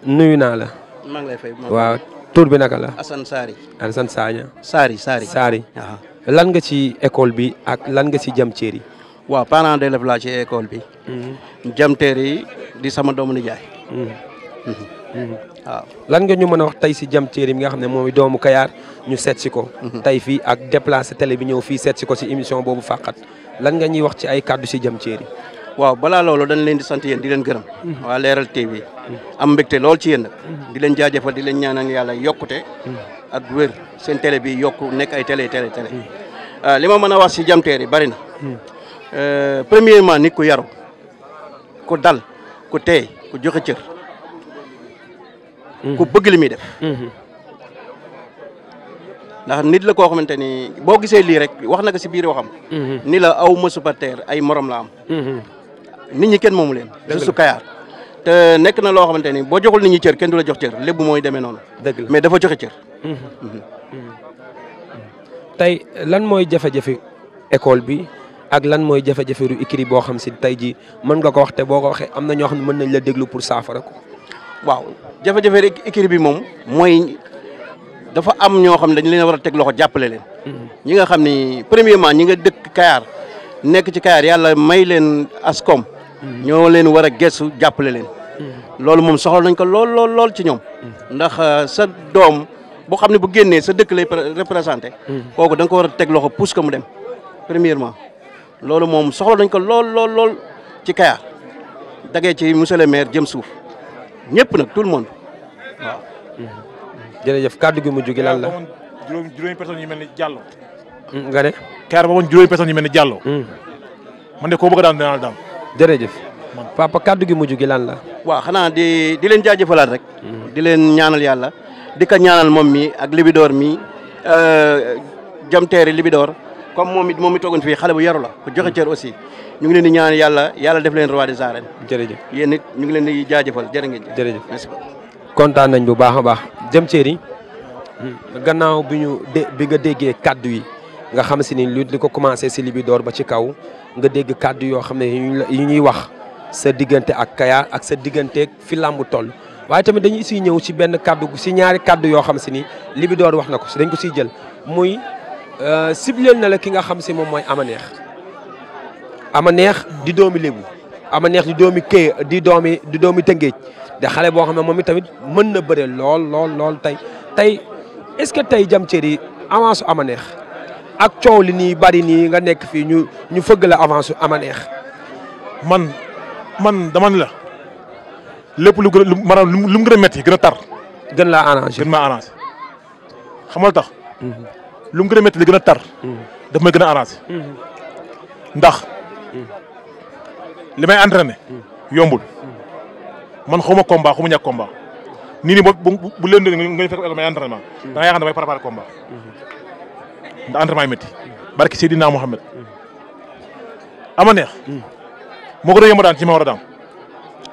nuyu naa la. maa ngi lay fay waaw tur bi naka la. Assane Sary. Assane Saaña. saari Sary lan nga ci école bi ak lan nga ci jam teer yi. waaw parent d'élève laa ci école bi. Mhm. jam yi di sama doomu nijaay. Mhm. Mhm. waaw lan nga ñu mën a wax tey si jam téeri bi nga xam ne mooy doomu Kayar ñu seet si ko. tey fii ak déplacé tele bi ñëw fii seet si ko si émission boobu fàqat lan nga ñuy wax ci ay kàddu si jam téeri waaw balaa loolu dañ leen di sant yéen di leen gërëm. Mm-hmm. waa leeral TV. Mm-hmm. am mbégte loolu ci yéen nag. Mm-hmm. di leen jaajëfal di leen ñaanal yàlla yokkute. ak wér seen télé bi yokku nekk ay télé télé télé. Ah, li ma mën a wax si jamteer yi bari na. Euh, premièrement nit ku yaru ku dal ku teey ku joxe cër. ku bëgg li muy def. ndax nit la koo xamante ni boo gisee lii rek wax na ko si biir waxam. ni la aw ma ay morom la am. nit ñi kenn moomu leen juste Kayar te nekk na loo xamante ni boo joxul nit ñi cër kenn du la jox cër lépp mooy demee noonu mais dafa joxe cër mhm. Mhm. tey lan mooy jafe-jafe bi ak lan mooy jafe-jafe ru ikiri boo xam si tey ji mën ko wax te boo ko waxee am na ñoo xam ne mën nañ la déglu pour saafara ko waaw jafe rek ikiri bi moom mooy dafa am ñoo xam ne dañ leen war a teg loxo jàppale leen mhm. ñi nga xam ni premièrement ñi nga dëkk kayaar nekk ci Kayar yàlla may leen askom ñoo leen war a gëstu jàppale leen. loolu moom soxla nañ ko lool lool lool ci ñoom. ndax euh, sa doom boo xam ne bu génnee sa dëkk lay représenté. kooku da nga ko war a teg loxo pousse ko mu dem premièrement. loolu moom soxla nañ ko lool lool lool ci Kayar dagee ci monsieur le maire jëm suuf ñëpp nag tout le monde waaw. jërëjëf kàddu gi mujj gi lan la. juróomi juróomi personnes yu mel ni Diallo. Mm, nga ne. Kayar ba woon yu mel ni Diallo. Mm. man de koo bëgg a daan danaa daan. jërëjëf papa kàddu gi mujj gi lan la. waaw xanaa di di leen jaajëfalaat rek. Mhm. di leen ñaanal yàlla di ko ñaanal moom mi ak libidoor mi euh, jamteeri libidoor comme moom it moom mi toogoon fii xale bu yaru la ku joxe cër aussi ñu ngi leen di ñaan yàlla yàlla def leen roi des arènes. jërëjëf yéen nit ñu ngi leen di jaajëfal jërë ngeen jëf. jërëjëf kontaan nañ bu baax a baax jëm cër yi hmm. gannaaw bi ñu dé bi nga déggee kàddu yi. nga xam si ni lu li ko commencé si Libidor ba ci kaw nga dégg kàddu yoo xam ne yu ñuy wax sa diggante ak Kayar ak sa diggante fi làmb toll. waaye tamit dañu si ñëw si benn kàddu si ñaari kàddu yoo xam si ni Libidor wax na ko si dañ ko siy jël muy euh, cibleel na la ki nga xam si moom mooy ama neex ama neex di doomi Lébu Amaneex di doomi Kée di doomi di doomi Tëngéej de xale boo xam ne moom i tamit mën na bëre lool lool lool tey tey est-ce que tey jam cër yi avance Amaneex ak coow li nii bari nii nga nekk fii ñu ñu fëgg la avance amaneex man man dama ne la lépp lu gën a maanaam lu mu gën a métti gën a tar. gën laa arrangé gën xam nga tax. Mhm. lum mu gën a métti li gën a tar. Mhm. daf may gën a arrangé. Mhm. ndax li may entraîné yombul man xaw ma combat xaw ma ñàkk combat nii nii bu bu bu leen nga ñu fekk may entraînement da ngay da entraînement métti barki Seydina Mohamed ama neex moo ko doon yomb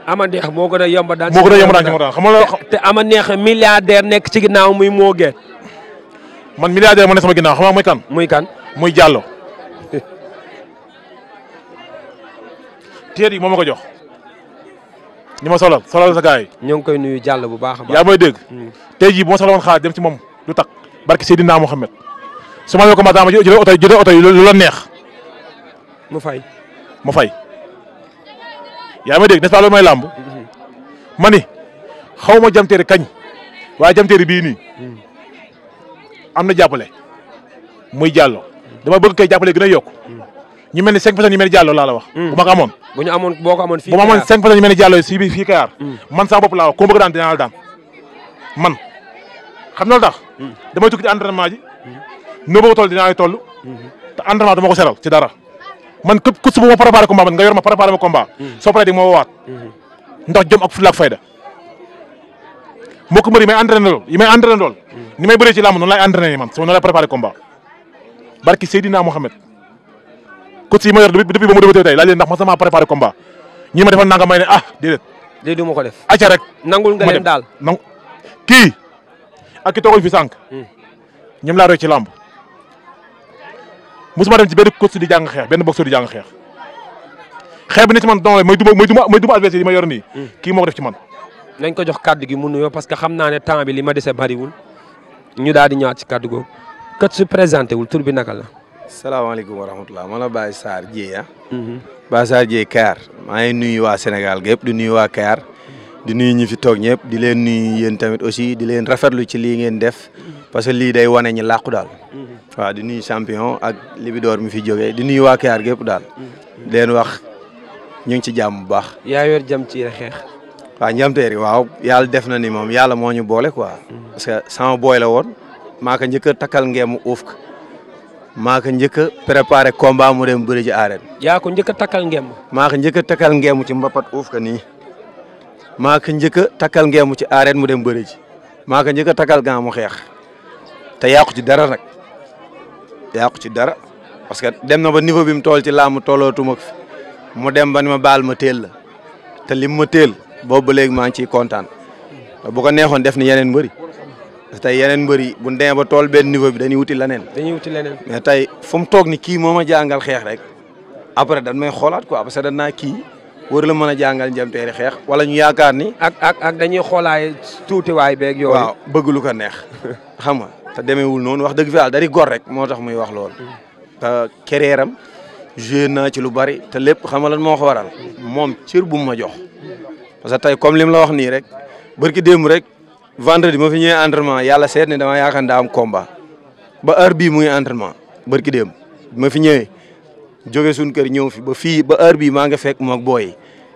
ama neex moo ko doon yomb daan ci ma daan ama neex milliardaire nekk ci ginnaaw muy moo gën man milliardaire ma ne sama ginnaaw xam muy kan muy kan muy Diallo <laughs> téer ma ko ni ma solal solal sa gars yi ñoo koy nuyu Diallo bu baax a yaa may dégg mm. tey jii bu ma soxla woon xaalis dem ci moom du tak barki Seydina Mohamed su ma la combattant ma jëlee oto jëlee oto lu la neex. mu fay. mu fay. yaa ma dégg n'est-ce pas loolu mooy làmb. ma xaw ma jamteeri kañ waaye jamteeri bii nii am na jàppale muy jàllo dama bëgg kay jàppale gën a yokku ñu mel ni cinq personnes yu mel jàllo laa wax mm. bu ma ko amoon bu ñu amoon boo ko amoon fii bu ma amoon cinq personnes yu mel ni jàllo si bi fii mm. man saa bopp laa wax ku ma bëgg daan dinaa la daan man xam na lu tax mm. damay tukki di entraînement noo bëgg a toll dinaa ay toll. te entraînement dama ko seral ci dara. man képp ku si bu ma préparé combat man nga yor ma préparé ma combat. soo paree di ma woowaat. ndax jom ak fulla ak fayda. mbokk mbër yi may entraîné lool yi may entraîné lool. ni may bëree ci làmb noonu laay entraîné man sama noonu laay préparé combat. barki Seydina Mohamed. ku si ma yor depuis ba mu débuté tey laaj leen ndax man sama préparé combat ñi ma defal nanga may ne ah déedéet. léegi du ko def. acca rek. nangul nga daal nangu kii. ak ki toogal sànq. Hmm. laa ci làmb. musuma dem ci benn coach di jàng xeex benn boxeur di jàng xeex xeex bi ne ci man don may duma may duma may duma yi ma yor ni hmm. kii moo ko def ci man nañ ko jox kàddu gi mu nuyoo parce que xam naa ne temps bi li ma dese bariwul ñu daal di ñëwaat ci kàddu googu kat su présenté wul tur bi naka la salaamaaleykum wa rahmatulah man la Baye Sarr Dieye ah hmm. Baye Sarr Dieye Kayar maa ngi nuyu waa Sénégal gépp di nuyu waa kaar di nuyu ñi fi toog ñëpp di leen nuyu yéen tamit aussi di leen rafetlu ci lii ngeen def parce que lii day wane ñi làqu daal. Mm-hmm. waaw di nuyu champion ak libidoor mi fi jógee di nuyu waa Kayar gépp daal. di mm-hmm. leen wax ngi ci jàmm bu baax. yaa yor jàmm ci xeex. waaw njamteer yi waaw yàlla def na ni moom yàlla moo ñu boole quoi. Mm-hmm. parce que sama booy la woon maa ko njëkk a mu ngeemu uuf ko maa ko njëkk a préparé mu dem bëri ji arène. njëkk takkal ngeemu. maa ko njëkk a takkal ci mbapat uuf ko nii maa ko njëkk a takkal ngeemu ci arène mu dem bëri ji maa ko njëkk a takkal mu xeex. te yàqu ci dara nag yàqu ci dara parce que dem na ba niveau bi mu tool ci làmb tollootuma ko fi mu dem ba ni ma baal ma teel la te lim ma teel boobu ba léegi maa ngi ciy kontaan bu ko neexoon def ni yeneen mbëri tey yeneen mbëri bu ñu ba tool benn niveau bi dañuy wuti leneen. dañuy wuti leneen. mais tey fu mu toog ni kii moo ma jàngal xeex rek après dan may xoolaat quoi parce que dañ naa kii war la mën a jàngal njëm xeex wala ñu yaakaar ni. ak ak ak dañuy xoolaay tuutiwaay beeg. yow waaw ko neex <laughs> nga. te demeewul noonu wax dëgg fi yàlla dari gor rek moo tax muy wax lool te kereeram joué naa ci lu bari te lépp xam nga lan moo ko waral. moom cër bu ma jox. parce que tey comme li mu la wax nii rek barki démb rek vendredi ma fi ñëwee entrement yàlla seet ne dama yaakaar daa am combat ba heure bii muy ngi entraînement barki démb ma fi ñëwee jóge suñu kër ñëw fi ba fii ba heure bii maa nga fekk moog booy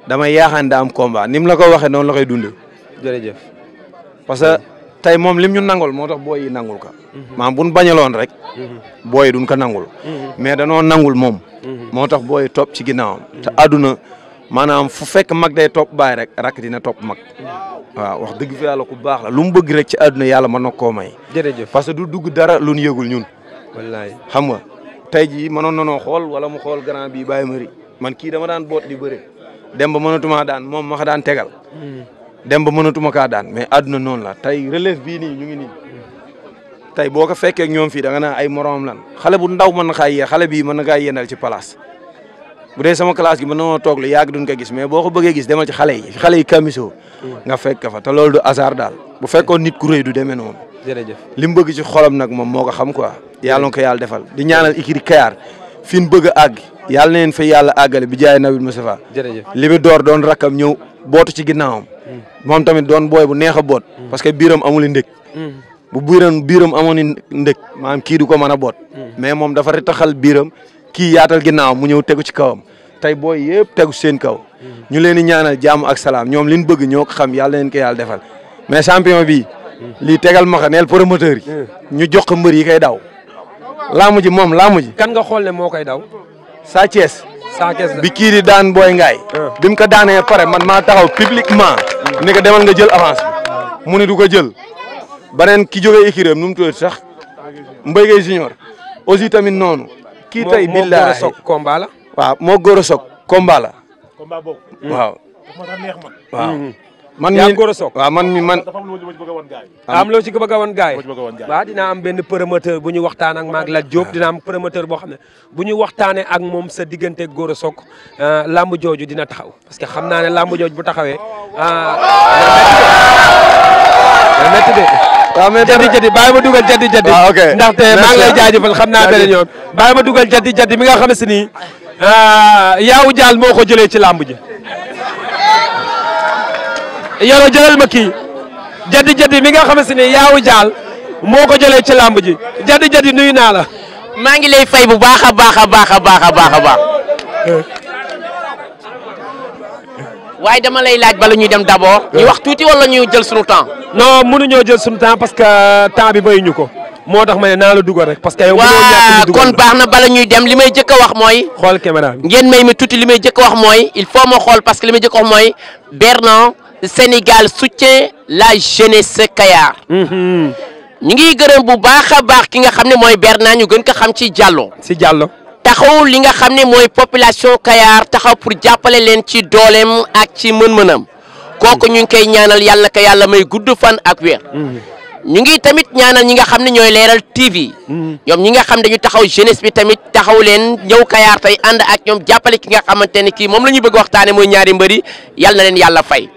dama yaakaar daa am combat ni mu la ko waxee noonu la koy dund jërëjëf tey moom lim ñun nangul moo tax booy yi nangul ka maanaam mhm. bu ñu bañaloon rek. Mhm. booy yi duñ ko nangul. Mhm. mais danoo nangul moom. moo tax booy yi topp ci ginnaawam. te àdduna maanaam fu fekk mag day topp baay rek rakk dina topp mag. waaw wax dëgg fi yàlla ku baax la lu mu bëgg rek ci àdduna yàlla mën na koo may. jërëjëf parce que du dugg dara lu ñu yëgul ñun. wallaay xam nga tey jii mënoon nanoo xool wala mu xool grand bi baay mari man kii dama daan boot di bëre dem ba mënatuma daan moom ma daan tegal. dem ba mënatuma kaa daan mais àdduna noonu la tey relève bii nii ñu ngi nii tey boo ko fekkee ñoom fii da nga naan ay moroom lan xale bu ndaw mën na kaa yee xale bii mën na kaa yéenal ci place bu dee sama classe gi mën na toog lu yàgg duñ ko gis mais boo ko bëggee gis demal ci xale yi xale yi camiso nga fekk fa te loolu du hasard daal bu fekkoon nit ku rëy du demee noonu. jërëjëf li mu bëgg ci xolam nag moom moo ko xam quoi. yàlla na ko yàlla defal di ñaanal Ikiri Kayar fi ñu bëgg a àgg yàlla na leen fa yàlla àggale bi jaay Nabil Moustapha. jërëjëf li mu door doon rakkam ñëw bootu ci ginnaawam. Hmm. moom tamit doon booy bu neex a boot. Hmm. parce que biiram amul ndëkk. Hmm. bu biiram biiram amoon i ndëkk maanaam kii du ko mën a boot. mais moom dafa ritaxal biiram kii yaatal ginnaawam mu ñëw tegu ci kawam. tey booy yëpp tegu seen kaw. ñu leen di ñaanal jàmm ak salaam ñoom li ñu bëgg ñoo ko xam yàlla na leen ko yàlla defal mais champion bi li tegal maxaneel ko yi. ñu jox ko mbër yi koy daw. laamu ji moom laamu ji. kan nga xool ne moo koy daw. Sa Thiès. bi kii di daan Boy Ngaay. Ah. bi mu ko daanee pare man maa taxaw publiquement. Ah. ni ko demal nga jël avance mu ni du ko jël. beneen ki jógee écurie nu mu tuddati sax Mbaye Gueye Junior. aussi tamit noonu. kii tey billaahi moo góor a soog waaw moo góor a soog combat la. combat waaw. man mii Gora Sock waaw man mi man. am loo ci bëgg a wan gaay waaw dina am benn promoteur bu ñu waxtaan ak maag Lat Diop dina am promoteur boo xam ne bu ñu waxtaanee ak moom sa diggante Gora Sock euh, làmb jooju dina taxaw parce que xam naa ne làmb jooj bu taxawee. Euh, métti de waaw mais jadi jadi bàyyi ma dugal jadi jadi ah, ndaxte maa xam naa beneen yoon bàyyi ma dugal jadi jadi mi nga xam ne si nii euh, yaaw jaal moo ko jëlee ci làmb ji yoro jëlal ma kii jadi jadi mi nga xam si ne yaawu jaal moo ko jëlee ci làmb ji jadi jadi nuyu naa la. maa ngi lay fay bu baax a baax a baax a baax a baax a baax. waaye dama lay laaj bala ñuy dem d'abord. Eh. ñu wax tuuti wala ñu jël suñu temps. non mënuñoo jël suñu temps parce que euh, temps bi ñu ko. moo tax ma ne naa la dugal rek parce que yow. waa kon baax na bala ñuy dem li may jëkk a wax mooy. xool caméra bi ngeen may mi tuuti li may jëkk a wax mooy il faut ma xool parce que li may jëkk a wax mooy Sénégal soutient la jeunesse Kayar. Mhm. ñu ngiy gërëm bu baax a baax ki nga xam ne mooy Berna ñu gën ko xam ci Diallo. si Diallo taxaw li nga xam ne mooy population Kayar taxaw pour jàppale leen ci dooleem ak ci mën-mënam. kooku ñu ngi koy ñaanal yàlla na ko yàlla may gudd fan ak weer. Mhm. ñu ngi tamit ñaanal ñi nga xam ne ñooy leeral TV. Mm-hmm. ñoom ñi nga xam dañu taxaw jeunesse bi tamit taxaw leen ñëw Kayar tey ànd ak ñoom jàppale ki nga xamante ne kii moom la ñu bëgg waxtaane mooy ñaari mbër yi leen yàlla fay.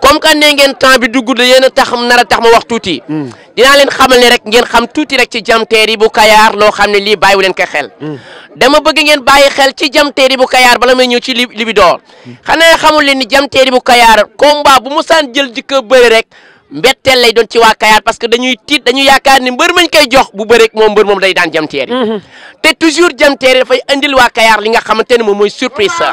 comme que nee ngeen temps bi dugg da yéen a tax nar a tax ma wax tuuti. Mm. dinaa leen xamal ne rek ngeen xam tuuti rek ci jam teeri bu kayaar loo xam ne lii bay leen ko xel. Mm. dama bëgg ngeen bàyyi xel ci jam teeri bu Kayar bala may ñëw ci li bi door. Mm. xanaa xamul leen ni jam teeri bu Kayar combat bu rek mbetteel lay doon ci waa Kayar parce que dañuy tiit dañuy yaakaar ni mbër mañ koy jox bu bëreek moom mbër moom day daan jam mhm. te toujours jam teer dafay indil waa Kayar li nga xamante ne moom mooy surprise sa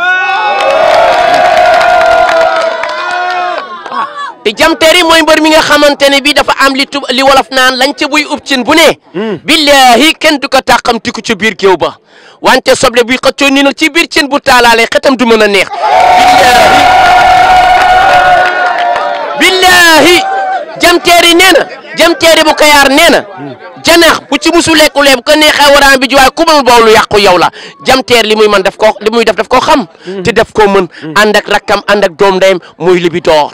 te jam mooy mbër mi nga xamante ne bi dafa am li li wolof naan lañ ca buy ub cin bu ne mhm. billahi kenn du ko tàqamtiku ci biir géew ba wante soble buy xëccoo nii nag ci biir cin bu taalaale xetam du mën a neex billahi jëm teeri nee na jëm teeri bu kayaar nee na janax bu ci musu lekkulee bu ko neexee waraan bi jiwaay ku mul boow lu yàqu yow la jëm teer li muy mën daf koo li muy def daf koo xam te daf koo mën ànd ak rakkam ànd ak doom ndeyam muy libi toor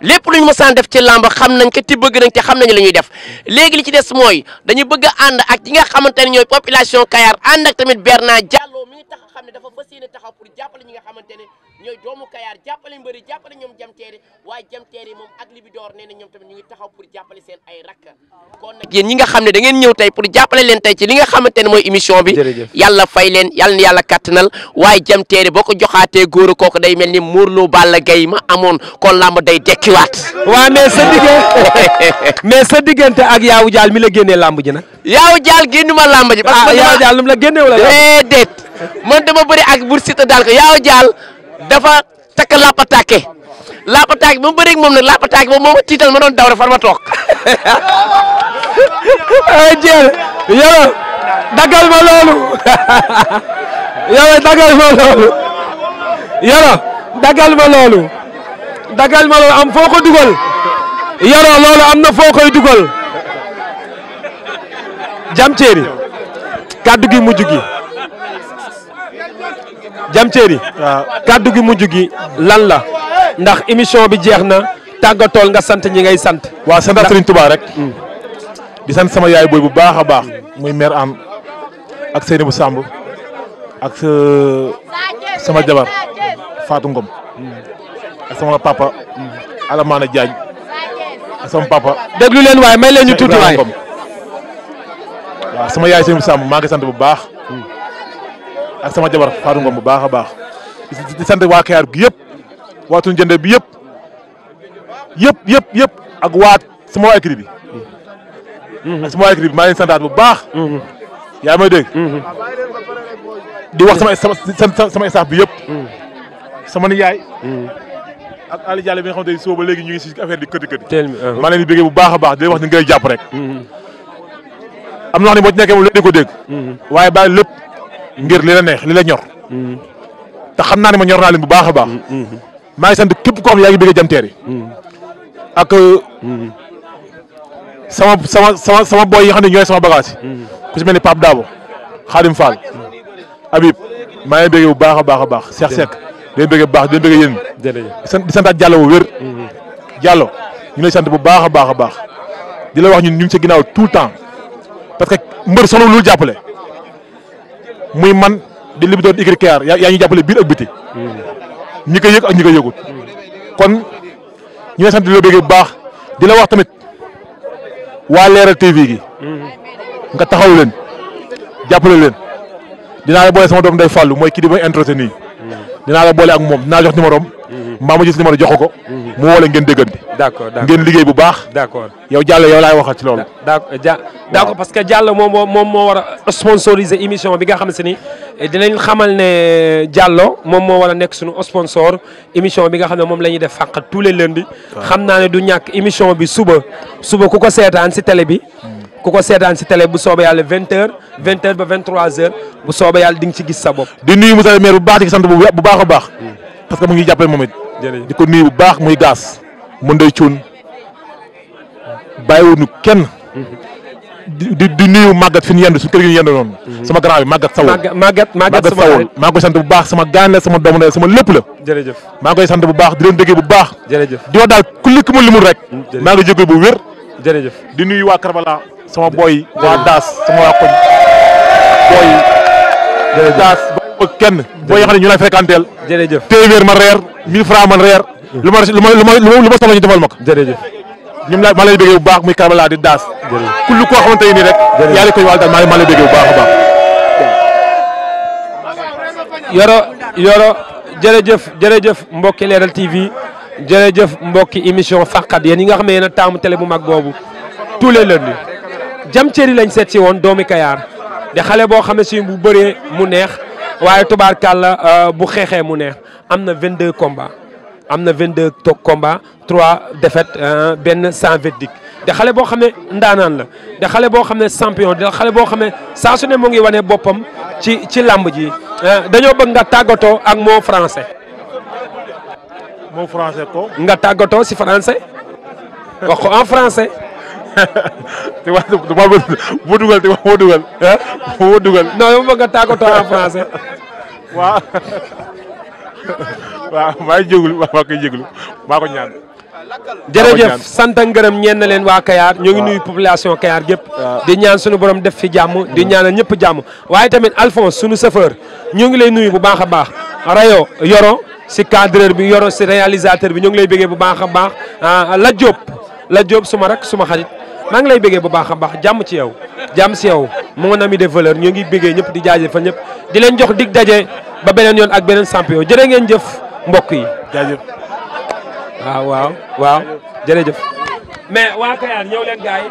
lépp lu ñu mosaan def ci làmb xam nañ ko te bëgg nañ te xam nañ la ñuy def léegi li ci des mooy dañu bëgg a ànd ak ñi nga xamante ne ñooy population kayaar ànd ak tamit Bernard Diallo mi ngi tax xam ne dafa fas yéene taxaw pour jàppale ñi nga xamante ne ñooy doomu Kayaar jàppale mbëri jàppale ñoom jamteeri waaye jamteeri moom ak Libidor nee na ñoom tamit ñu ngi taxaw pour jàppale seen ay rakk kon nag yéen ñi nga xam ne da ngeen ñëw tey pour jàppale leen tey ci li nga xamante ne mooy émission bi yàlla fay leen yàlla na yàlla kattanal waaye jamteeri boo ko joxaatee góor a kooku day mel ni muurlu Balla Gaye ma amoon kon làmb day dekkiwaat waaw <laughs> mais sa diggante ak yaawu jaal mi la génnee làmb ji nag yaawu jaal génnuma làmb ji parce que ah, yaawu jaal num la génnee wala eh, déedéet man dama bëri ak Bur Siteu dafa takk laapataake laapataake ba mu bëreeg moom nag laapataake boobu moo ma tiital ma doon daw rek far ma toog. <laughs> jéem yow daggal ma loolu <laughs> yow daggal ma loolu yow daggal ma loolu am foo ko dugal yoro loolu am na foo koy dugal jam ceeri kàddu gi mujj gi Diam Terry waaw kàddu gi mujj gi lan la ndax émission bi jeex na tàggatool nga sant ñi ngay sant. waa sant Serigne Touba rek. Mm. di sant sama yaay booy bu baax a baax. muy mère am ak bu Samb ak sama jabar Fatou Ngom. Mm. ak sama papa. Mm. Alamana Diagne ak sama papa. déglu leen waaye may leen ñu tuuti waay waaw sama yaay Seynabou Samb maa ngi sant bu baax. ak sama jabar Fatou Ngom bu baax a baax di sant waa Kayar gi yëpp waa bi yëpp yëpp yëpp ak waa sama waa écrit bi. Mhm. ak sama waa écrit maa ngi santaat bu baax. Mhm. yaa may dégg. Mhm. di wax sama sama bi yëpp. sama nijaay. ak Ali Diallo bi nga xamante ne soo ba léegi si affaire di këti këti. teel ma uh-huh. maa leen di bëggee bu baax a baax di wax ni ngay jàpp rek. am na wax ne boo ci nekkee moom léegi di waaye bàyyi lépp. ngir li la neex li la ñor. Mm-hmm. te xam naa ne ma ñor naa leen bu baax a baax. Mm-hmm. maa ngi sant képp koo xam yaa ngi bëgg a jamteer yi. Mm-hmm. ak euh, sama sama sama sama yi xam ne ñooy sama bagage ku si mel ni Pape Dabo Khadim Fall. Habib maa ngi bëgg bu baax a baax a baax. Cheikh Seck di bëgg bu baax di bëgg yéen. di santaat Diallo bu wér. Diallo ñu lay sant bu baax a baax a baax. di la wax ñun ñu ngi sa ginnaaw tout le temps parce que mbër solo lu jàppale. muy man di Libidor di Iguirikaar yaa ñu jàppale biir ak biti. ñi ko yëg ak ñi ko yëgut. kon ñu ne sant di la bëgg bu baax di la wax tamit waa Leral TV gi. nga taxaw leen jàppale leen dinaa la boole sama doom day fàllu mooy kii di may entretenir. dinaa la boole ak moom dinaa jox numéro am mbaa ma gis numéro jox ko. mu woo la ngeen déggante. d'accord d'accord ngeen liggéey bu baax. d'accord yow Diallo laay waxal ci loolu. parce que Diallo moom moo moom moo war a émission bi nga xam si ni eh, dinañ xamal ne eh, Diallo moom moo war a nekk suñu sponsor émission bi nga xam ne moom la ñuy def fàq tous les lundis. xam naa ne du ñàkk émission bi suba suba ku ko seetaan si télé bi. ku ko seetaan si télé bu soobee yàlla vingt heures vingt heures ba vingt trois bu soobee yàlla di nga ci gis sa bopp. di nuyu monsieur le bu baax di sant bu bu baax baax. parce que mu ngi jàppale moom it. di ko nuyu bu baax muy gaas. mu ndey cuun bàyyiwuñu kenn. di di nuyu màggat fi ñu yendu su kër gi ñu yendu noonu. Mhm. sama grand yi màggat sawul màggat màggat sama xarit maa koy sant bu baax sama gaane sama doomu ne sama lépp la. jërëjëf maa koy sant bu baax di leen déggee bu baax. jërëjëf di wax daal ku likk mu limul rek. maa ngi jégalu bu wér. di nuyu waa Karbala sama boy waa Daas sama waa koñ kenn boo xam ne ñu lay fréquenté jërëjëf téeméer ma reer 1000 francs man reer lu ma lu ma lu ma soxla ñu defal ma ko jërëjëf ñoom laa maa lay bëggee bu baax muy Karbala di daas rek yàlla koy wàll daal a baax yoro jërëjëf jërëjëf mbokki leeral tv jërëjëf mbokki émission faqat yéen yi nga xam ne yéen a taamu télé bu mag boobu tous les lundis jam cëri lañ seet si woon doomi Kayaar de xale boo xam ne si bu bëree mu neex waaye tubaarkàlla euh, bu xeexee mu neex am na vingt 22 combats am na 22 toog combats 3 défaites benn sans verdict de xale boo xam ne ndaanaan la de xale boo xam ne champion de xale boo xam ne saa su ne moo ngi wane boppam ci ci làmb ji euh, dañoo bëgg nga tàggatoo ak moo français. mot français ko. nga tàggatoo si français. en français. tu vois bu dugal tu vois dugal ah dugal. non yow bëgg nga tàggatoo en français. waaw waaw maa ngi jégalu maa koy jégalu maa ko ñaan. jërëjëf sant ak ngërëm ñeen leen waa Kayar ñoo ngi nuyu population Kayar gépp di ñaan suñu borom def fi jàmm di mm. ñaanal ñëpp jàmm waaye tamit Alphonse suñu chauffeur ñoo ngi lay nuyu bu baax a baax rayo yoro si cadreur bi yoro si réalisateur bi ñoo ngi lay bëggee bu baax a baax ah, la Diop la Diop suma rak suma xarit maa ngi lay bëggee bu baax a baax jàmm ci yow jàmm si yow mon ami de valeur ñu ngi bëggee ñëpp di fa ñëpp di leen jox dig daje ba beneen yoon ak beneen champion jërë ngeen jëf mbokk yi. jaajëf waaw mais waa Kayar ñëw leen gaay